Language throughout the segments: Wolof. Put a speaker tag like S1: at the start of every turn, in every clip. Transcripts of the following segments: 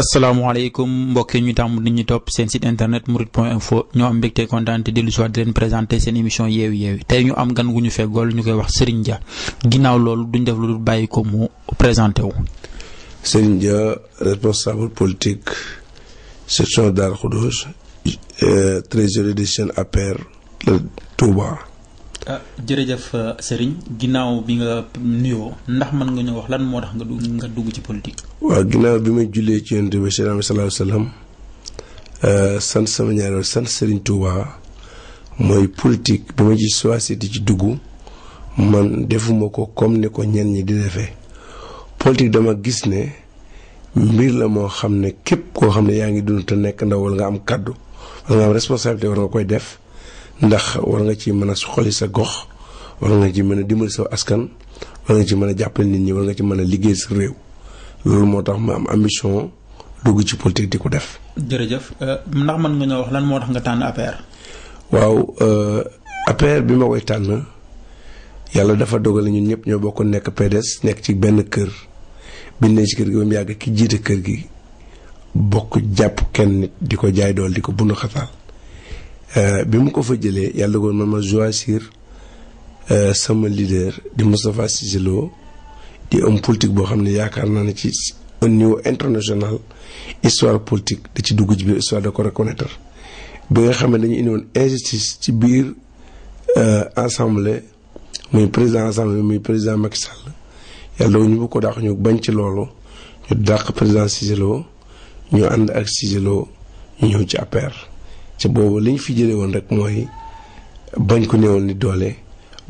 S1: asalaamaaleykum mbokk yi ñu tàmm di ñu topp seen site internet murit point info ñoo am mbégte kontaan te dellu si waat di leen présenté seen émission yeewi yeewi tey ñu am gan gu ñu feggool ñu koy wax Serigne Dia ginnaaw loolu duñ def lu dul bàyyi ko mu présenté wu. Serigne
S2: Dia responsable politique section Darou Khoudoss euh, trésorier de Cheikh APR Touba.
S1: ah jërëjëf euh, Serigne ginnaaw bi nga nuyoo ndax mën nga ñu wax lan moo tax nga dugg nga dugg ci politique.
S2: waaw ginnaaw bi may jullee ci yonent bi sallallahu alayhi wa sallam euh, sant sama ñaareel sant Serigne mooy politique bi ma ci choisir di ci dugg man defuma ko comme ni ko ñenn ñi di defee politique dama gis ne mbir la moo xam ne képp koo xam ne yaa ngi dund te nekk ndaw wala nga am kàddu wala nga am responsabilité war nga koy def. ndax war nga ci mën a soxali sa gox war nga ci mën a dimbali sa askan war nga ci mën a jàppale nit ñi war nga ci mën a liggéey si réew loolu moo tax ma am ambition dugg ci politique di ko def.
S1: jërëjëf euh, ndax mën nga ñoo wax lan moo tax nga tànn APR.
S2: waaw euh, APR bi ma koy tànn yàlla dafa dogale ñun ñëpp ñoo bokk nekk PDS nekk ci benn kër biñ ne ci kër gi ba mu yàgg ki jiite kër gi bokk jàpp kenn nit di ko jaay dool di ko bund xataal. Euh, bi mu ko fa jëlee yàlla dogal na ma choisir euh, sama leader di Moustapha Cissé di homme politique boo xam ne yaakaar naa ne ci au niveau international histoire politique da ci dugg ci biir histoire da ko reconnaître bi nga xam ne dañu indi woon injustice ci biir euh, assemblée muy président assemblée muy président Macky Sall yàlla dogal ñu bu ko dàq ñu bañ ci loolu ñu dàq président Cissé ñu ànd ak Cissé ñu ñëw ci APR. boobu li ñu fi jëlee woon rek mooy bañ ko néewal ni doole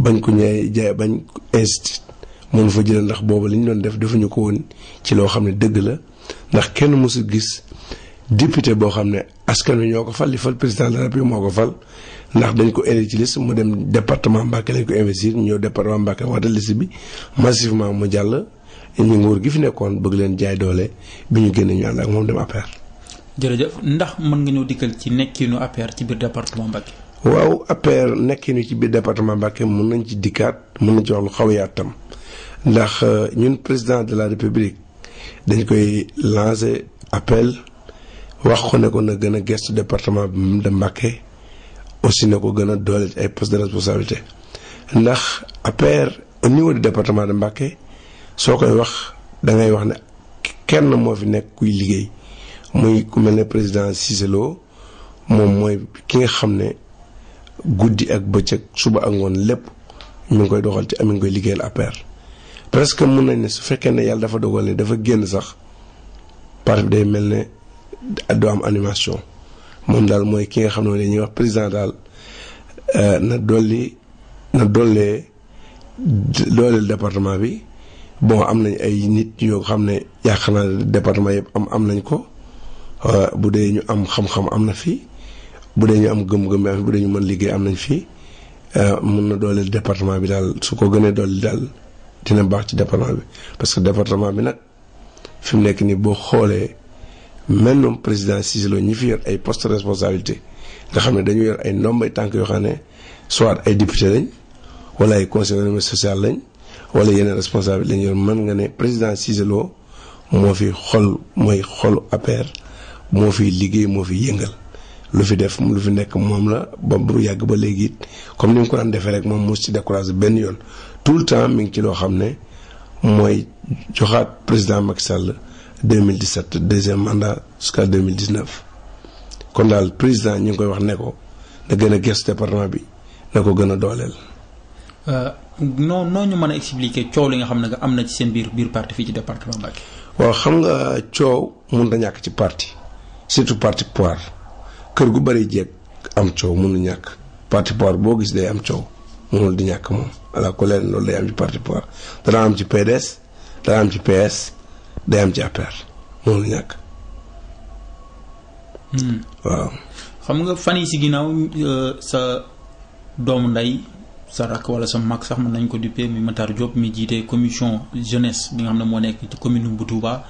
S2: bañ ku ñaay jaay bañ institut moom fa jëlee ndax boobu li ñu doon def defuñu ko woon ci loo xam ne dëgg la ndax kenn mësu gis député boo xam ne askan wi ñoo ko fal li fal président de la République moo ko fal ndax dañ ko éli ci liste mu dem département Mbacké lañ ko investir ñëw département Mbacké wata liste bi massivement mu jàll ñu nguur gi fi nekkoon bëgg leen jaay doole bi ñu génne ñu ànd ak moom dem APR
S1: jërëjëf ndax mën nga ñëw dikkal ci nekkinu APR ci biir département Mbacké.
S2: waaw APR nekkinu ci biir département Mbacké mun nañ ci dikkaat mën nañ ci wax lu xaw yaatam ndax euh, ñun président de la république dañ koy lancer appel wax ko ne ko na gën a gëstu département de Mbacké aussi na ko gën a doole ay postes de responsabilité ndax APR au niveau du département de Mbacké soo koy wax da ngay wax ne kenn moo fi nekk kuy liggéey. muy ku mel ne président Cissé Lo moom mooy ki nga xam ne guddi ak bëccëg suba ak ngoon lépp mu ngi koy doxal ci am mi ngi koy liggéeyal APR. presque mun nañ ne su fekkee ne yàlla dafa dogal ne dafa génn sax parti day mel ne doo am animation moom daal mooy ki nga xam ne dañuy wax président daal euh, na dolli na dollee dooleel département bi bon am nañ ay nit yoo xam ne yaakaar naa département yëpp am am nañ ko. Euh, bu dee ñu am xam-xam am na fii bu dee ñu am gëm-gëm am bu dee ñu mën liggéey am nañ fi euh, mun na dooleel département bi daal su ko gënee dooleel daal dina baax ci département bi parce que département bi nag fi mu nekk nii boo xoolee mel noonu président Cissé ñi fi yor ay poste responsabilité nga xam ne dañu yor ay ndombay tànk yoo xam ne soit ay député lañ wala ay conseiller social lañ wala yeneen responsable lañ yor mën nga ne président Cissé Lo moo fi xol mooy xolu APR moo fi liggéey moo fi yëngal lu fi def lu fi nekk moom la ba bu yàgg ba léegi comme ni mu ko daan defee rek moom mos ci découragé benn yoon tout le temps mi ngi ci loo xam ne mooy joxaat président Macky Sall 2017 deuxième mandat jusqu'à 2019. kon daal président ñu ngi koy wax ne ko gën a gëstu département bi na ko gën a dooleel.
S1: Euh, noo noo ñu mën a expliquer coow li nga xam ne am na ci seen biir biir parti fii ci département Mbacké.
S2: waaw xam nga coow mun na ñàkk ci parti. surtout parti pouvoir kër gu bari jeeg am coow mënul ñàkk parti pouvoir boo gis day am coow mënul di ñàkk moom ala ko leen loolu day am ci parti pouvoir dana am ci PDS dana am ci PS day am ci APR mënul ñàkk
S1: hmm. waaw xam nga fan yi si ginnaaw euh, sa doomu ndey sa rak wala sa mag sax mën nañ ko duppee mi Matar Diop mi jiite commission jeunesse bi nga xam ne moo nekk ci commune bu Touba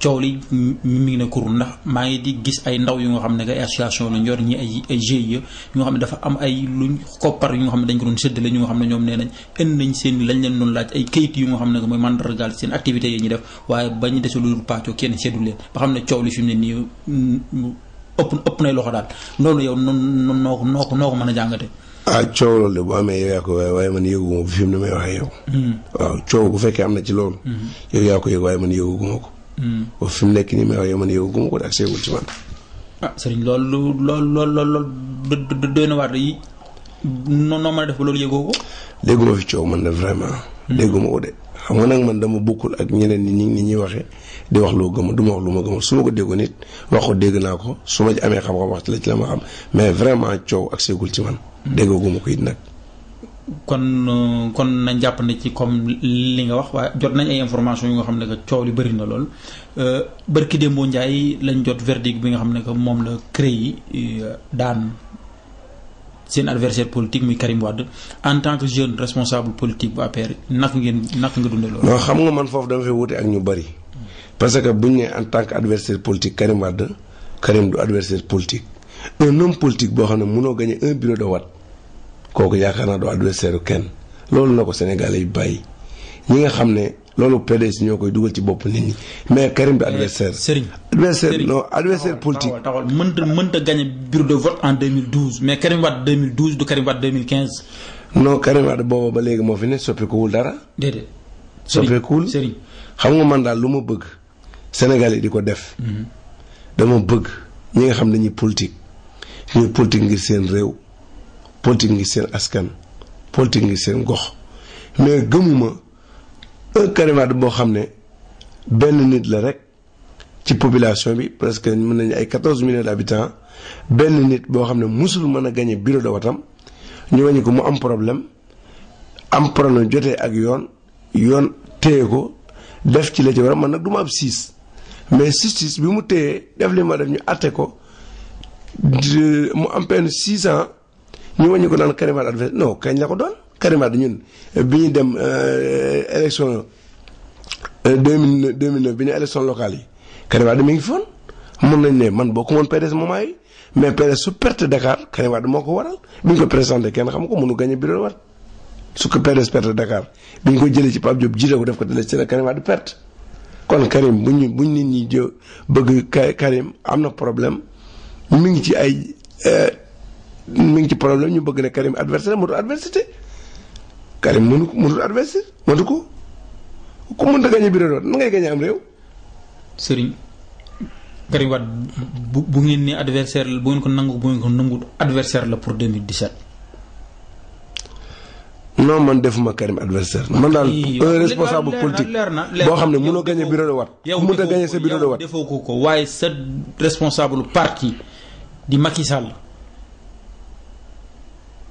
S1: coow li mi ngi ne kurun maa ngi di gis ay ndaw yu nga xam ne ay association lañ yor ñi ay ay GIE xam ne dafa am ay luñ koppar yu xam ne dañ ko doon séddale ñu nga xam ñoom nee nañ indi nañ seen lañ leen doon laaj ay kayit yu xam ne mooy mandargaal seen activité yi ñu def waaye bañu dese lu pàccoo kenn xam ne coow li ëpp ëpp nay loxo daal loolu yow noonu noo noo ko noo ko mën a jàngate
S2: ah coow loolu de bu amee yaa ko waaye man yëguma ko fi mu ne may waxee yow mm-hmm. coow bu fekkee am na ci loolu mm-hmm. yow yaa ko yëg waaye man yëguma ko ba fi mu nekk nii may wax yow man yow gu ma ko ak seegul ci man.
S1: ah sëriñ lool lool lool loolu loolu doy na waar yi noonu noo mën a def ba loolu yëgoo ko.
S2: dégguma fi coow man de vraiment. Hmm. dégguma ko de xam nga nag man dama bokkul ak ñeneen ñi ñi ñuy waxee di wax loo gëm du ma wax lu ma gëm su ma ko déggoon nit wax ko dégg naa ko su ma amee xam-xam wax ci la ci la ma xam mais vraiment coow ak seegul ci man. Hmm. déggoo gu ko it nag.
S1: kon kon nañ jàpp ne ci comme li nga wax waaye jot nañ ay information yu nga xam ne que coow li bëri na lool euh, bërki démboo njaay lañ jot verdict bi nga xam ne que moom la CREI yi euh, daan seen adversaire politique muy Karim Wade en tant que jeune responsable politique bu APR naka ngeen naka nga dundee loolu. non xam nga
S2: man foofu dama fay wute ak ñu bëri parce que buñ ne en tant que adversaire politique Karim Wade Karim du adversaire politique un homme politique boo xam ne mënoo gagné un bureau de kooku yaakaar naa du adversaire kenn loolu na ko Sénégalais yi bàyyi ñi nga xam ne loolu PDS ñoo koy dugal ci bopp nit ñi mais Karim bi eh,
S1: adversaire Serigne adversaire non adversaire politique taxawal mënta mënta gagné de vote en 2012 mais Karim Wade 2012 du Karim Wade 2015. non Karim Wade booba ba léegi moo fi ne
S2: soppikuwul dara. déedéet soppikuwul xam nga man daal lu ma bëgg Sénégal yi di ko def. Mhm. dama bëgg ñi nga xam ne ñuy politique ñuy politique ngir seen réew. politique ngi seen askan politique ngi seen gox mais gëmuma un Karim Wade boo xam ne benn nit la rek ci population bi presque mën nañu ay quatorze millions d'habitants benn nit boo xam ne musul mën a gañe bureau de watam ñu wàññi ko mu am problème am problème jotee ak yoon yoon téye ko def ci la ci war man nag du ma ab siis mais justice bi mu téye def li ma def ñu atte ko mu am peine six ans ñu wàññi ko naan Karim Wade adversaire la ko doon Karim Wade ñun euh, bi ñu dem euh, élection euh, deux mille deux mille neuf bi ñu élection locale yi Karim Wade mi ngi foon mën nañ ne man bokku moon PDS moment yi mais PDS su perte Dakar Karim Wade moo ko waral bi ñu ko présenté kenn xam ko mënu gagné bi doon war su ko PDS perte Dakar bi ñu ko jëlee ci Pape Diop jiite ko def ko dina ci la Karim Wade perte. kon Karim bu ñu bu ñu nit ñi jë bëgg Karim am na problème mi ngi ci ay. mi ngi ci problème ñu bëgg ne Karim adversaire mënul adversité Karim mënu ko mënul adversaire mënu ko ku mënta gagné bi doon na ngay gagné am réew
S1: Serigne Karim Wade bu ngeen ne adversaire bu ngeen ko nangu bu ngeen ko nangu adversaire la pour 2017
S2: non man defuma Karim adversaire
S1: man dal un responsable politique bo xamne mëno gagner bureau de mu ta gagner sa bureau de defoko ko waye sa responsable parti di Macky Sall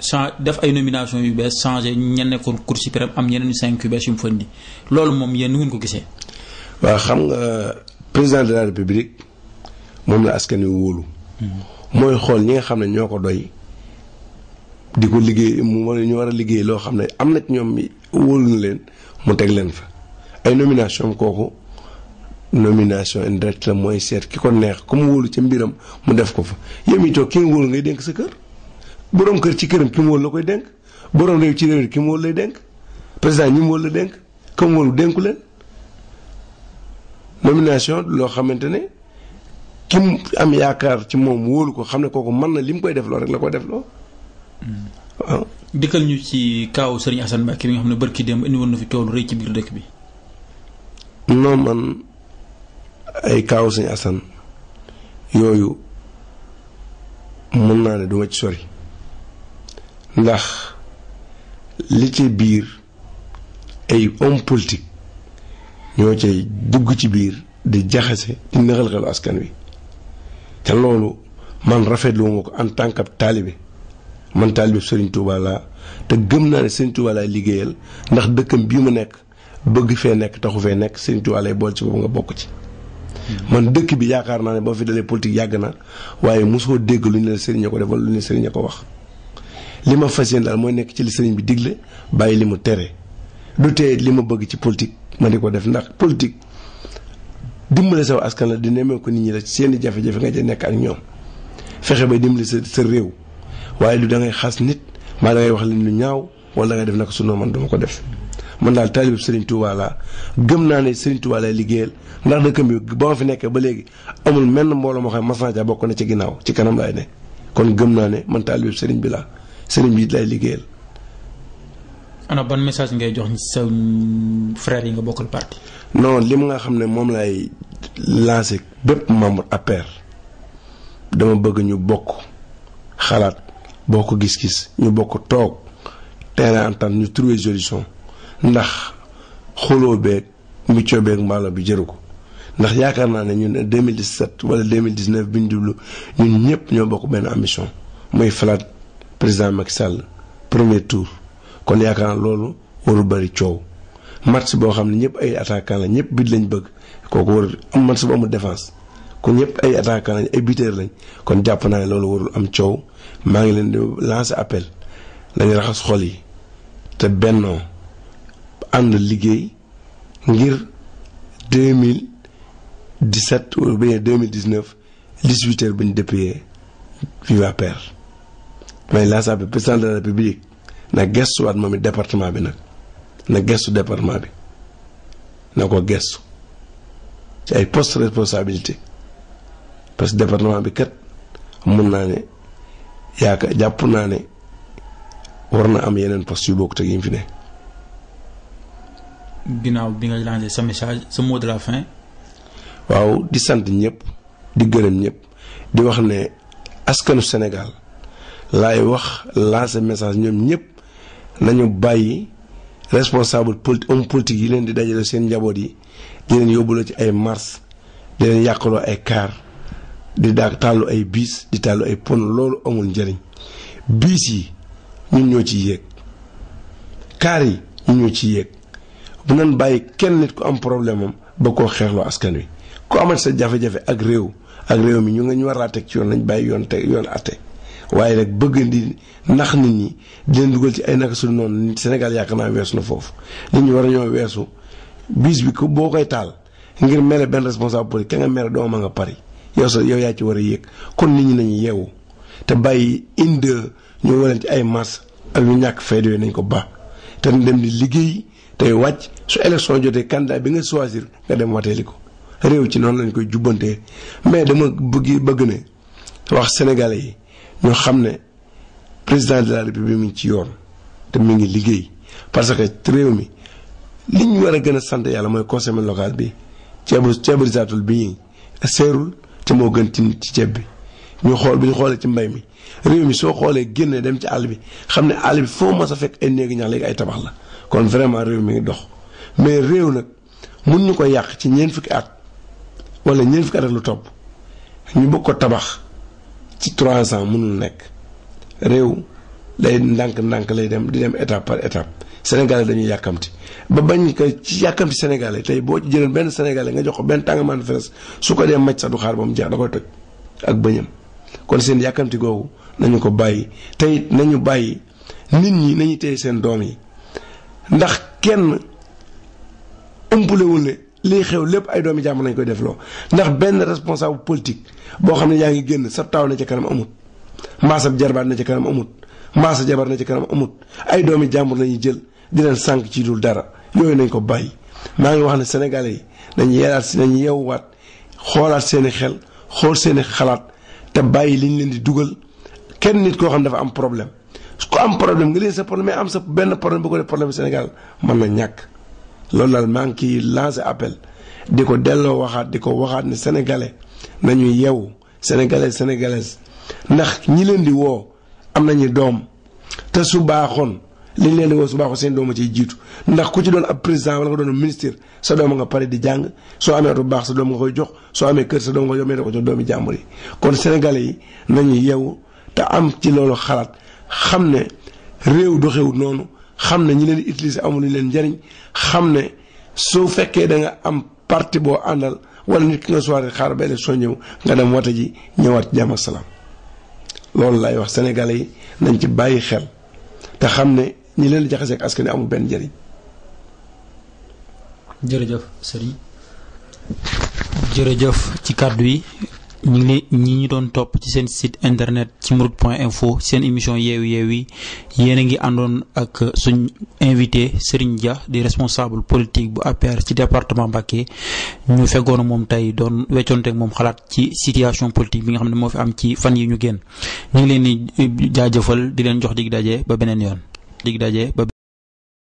S1: chan def ay nomination yu bees changé ñenn nekkoon Cour suprême am ñeneen cinq yu bees yu mu fëndi loolu moom yéen nu ngeen ko gisee.
S2: waaw xam nga président de la république moom la askan wi wóolu. mooy xool ñi nga xam ne ñoo ko doy di ko liggéey mu ñu war a liggéey loo xam ne am na ñoom wóolu leen mu teg leen fa ay nomination kooku. nomination indirecte la mooy seet ki ko neex comme wóolu ca mbiram mu def ko fa yow mii toog ki nga wóolu ngay dénk sa kër. borom kër ci këram ki mu wóolu la koy dénk borom réew ci réew ki mu wóolu lay dénk président ñi mu wóolu la dénk ka mu wóolu dénku leen nomination loo xamante ne ki mu am yaakaar ci moom wóolu ko xam ne kooku mën na li mu koy def loo rek la koy def loo
S1: hmm. ñu ci kaw Serigne Assane Mbacké bi nga xam ne barki woon na fi coow ci biir dëkk bi. man
S2: ay kaw Serigne Assane yooyu mën naa ne duma ci sori. ndax li ci biir ay homme politique ñoo cay dugg ci biir di jaxase di nëxal-xelu askan wi te loolu man rafetlu ma ko en tant que taalibe man taalibe Serigne Touba laa te gëm naa ne Serigne Touba liggéeyal ndax dëkkam bi mu nekk bëgg fee nekk taxu fee nekk Serigne Touba lay bool ci boobu nga bokk ci. Hmm. man dëkk bi yaakaar naa ne boo fi dalee politique yàgg na waaye mosoo dégg lu ñu la Serigne ko defal lu ñu la Serigne ko wax. li ma fas yéene daal mooy nekk ci li sëriñ bi digle bàyyi li mu tere du tee li ma bëgg ci politique ma di ko def ndax politique dimbale saw askan la di nemmee ko nit ñi la seen jafe-jafe nga ca nekk ak ñoom fexe bay dimbale sa sa réew waaye lu da ngay xas nit mbaa da wax leen lu ñaaw wala da def nag su noo man duma ko def man daal taalib Serigne Touba gëm naa ne Serigne Touba liggéeyal ndax dëkkam bi ba ma fi nekkee ba léegi amul menn mbooloo moo xam mas naa ca bokk na ci ginnaaw ci kanam laay kon gëm naa ne man taalib Serigne bi laa sëriñ bi lay liggéeyal.
S1: ana ban message ngay jox sa frère yi nga bokkal parti. non li mu nga
S2: xam ne moom laay lancé bépp membre APR dama bëgg ñu bokk xalaat boo ko gis-gis ñu bokk toog terrain entente ñu trouver solution ndax xuloo beeg muccoo beeg mbaalo bi jëru ko ndax yaakaar naa ne ñun 2017 wala 2019 bi ñu jublu ñun ñëpp ñoo bokk benn ambition mooy falaat. président Macky Sall premier tour kon yaakaar naa loolu warul bari coow match boo xam ne ñëpp ay attaquant la ñëpp bit lañ bëgg kooku war am match bu amul défense kon ñëpp ay attaquant lañ ay buteur lañ kon jàpp naa ne loolu warul am coow maa ngi leen di lancer appel dañuy raxas xol yi te bennoo ànd liggéey ngir 2017 ou bien 2019 18 heures bu ñu viva père may laasa bi président de la république na gestuwaat moom it département bi nag na gestu département bi na ko gestu ci ay poste responsabilité parce que département bi kat mun naa ne yaakaar jàpp naa ne war na am yeneen post yu bokkut ak yi fi ne.
S1: ginnaaw bi nga lancé sa message sa mot de la fin.
S2: waaw di sant ñëpp di gërëm ñëpp di wax ne askanu Sénégal. laay wax lancer message ñoom ñëpp nañu bàyyi responsable poli homme politique yi leen di dajale seen njaboot yi di leen yóbbuloo ci ay mars di yàquloo ay car di daag tàllu ay biis di tàllu ay pon loolu amul njëriñ biis yi ñun ñoo ci yéeg kaar yi ñun ñoo ci yéeg bu nan bàyyi kenn nit ku am problème am ba koo xeexloo askan wi ku amal sa jafe-jafe ak réew ak réew mi ñu nga ñu war a teg ci yoon lañ bàyyi yoon teg yoon àtte waaye nag bëgg di nax nit ñi dina dugal ci ay naka suñu noonu Sénégal yaakaar naa weesu na foofu nit ñi war a ñoo weesu bis bi ko boo koy taal ngir mere benn responsable politique ka nga mere a nga pari yow sa yow yaa ci war a yéeg kon nit ñi nañu yeewu te bàyyi inde ñu waleen ci ay masse ak ñu ñàkk fayda nañ ko baax te dem di liggéey tey wàcc su élection jotee candidat bi nga choisir nga dem wateeli ko réew ci noonu lañ koy jubbantee mais dama bëgg bëgg ne yi ñu xam ne président de la république mi ngi ci yoon te mi ngi liggéey parce que réew mi li ñu war a gën a sant yàlla mooy conseil local bi ceebu ceebu risaatul bi seerul te moo gën ci ceeb bi ñu xool bu ñu xoolee ci mbay mi réew mi soo xoolee génn dem ci àll bi xam ne àll bi foo ma a fekk ay néegi ñax léegi ay tabax la kon vraiment réew mi ngi dox mais réew nag mun ñu ko yàq ci ñeent fukki at wala ñeent fukki at ak lu topp ñu bëgg ko tabax ci trois ans mënul nekk réew lay ndànk-ndànk lay dem di dem étape par étape yi dañuy yàkkamti ba bañ ko ci yàkkamti sénégalais tey boo ci jëlal benn sénégalais nga jox ko benn tàngamaan feres su ko dee maj sax du xaar ba mu jeex da koy toj ak bëñam kon seen yàkkamti googu nañu ko bàyyi tey nañu bàyyi nit ñi nañu téye seen doom yi ndax kenn umpulewul lii xew lépp ay doomi jàmm nañ koy def loo ndax benn responsable politique boo xam ne yaa ngi génn sa taaw na ca kanam amut mbaa sa jarbaat na ca kanam amut mbaa sa jabar na ca kanam amut ay doomi jàmbur lañuy jël di leen sànq ci dul dara yooyu nañ ko bàyyi. maa ngi wax ne senegal yi dañu yeelaat si dañu yeewuwaat xoolaat seeni xel xool seeni xalaat te bàyyi liñ leen di dugal kenn nit koo xam dafa am problème su ko am problème nga leen sa problème mais am sa benn problème bu ko def problème Sénégal mën na ñàkk. loolu daal maa ngi ciy lancé appel di ko delloo waxaat di ko waxaat ne sénégalais nañu yeewu sénégalais sénégalaise ndax ñi leen di woo am nañu doom te su baaxoon liñ leen di woo su baaxoon seen doom a ciy jiitu ndax ku ci doon ab président wala nga doon ministre sa doom nga pare di jàng soo amee oto baax sa doom nga koy jox soo amee kër sa doom nga koy jox ko jox doomi jàmbur yi kon sénégalais yi nañu yeewu te am ci loolu xalaat xam ne réew doxewut noonu. xam ne ñi leen di utiliser amul ñu leen njariñ xam ne soo fekkee da nga am parti boo àndal wala nit ki nga soirée xaar ba soo ñëw nga dem wata ji ñëwaat jàmm ak salaam loolu laay wax sénégalais yi nañ ci bàyyi xel te xam ne ñi leen di jaxasee ak askan amul benn njariñ
S1: jërëjëf sëriñ jërëjëf ci kàddu yi. ñu ngi ñi ñu doon topp ci seen site internet ci mourides point info seen émission yeewu yeew yi yéen a ngi àndoon ak suñ invité Serigne Dia di responsable politique bu APR ci département Mbacké ñu feggoon moom tey doon weccoonteek moom xalaat ci situation politique bi nga xam ne moo fi am ci fan yi ñu génn ñu ngi leen di jaajëfal di leen jox dig daje ba beneen yoon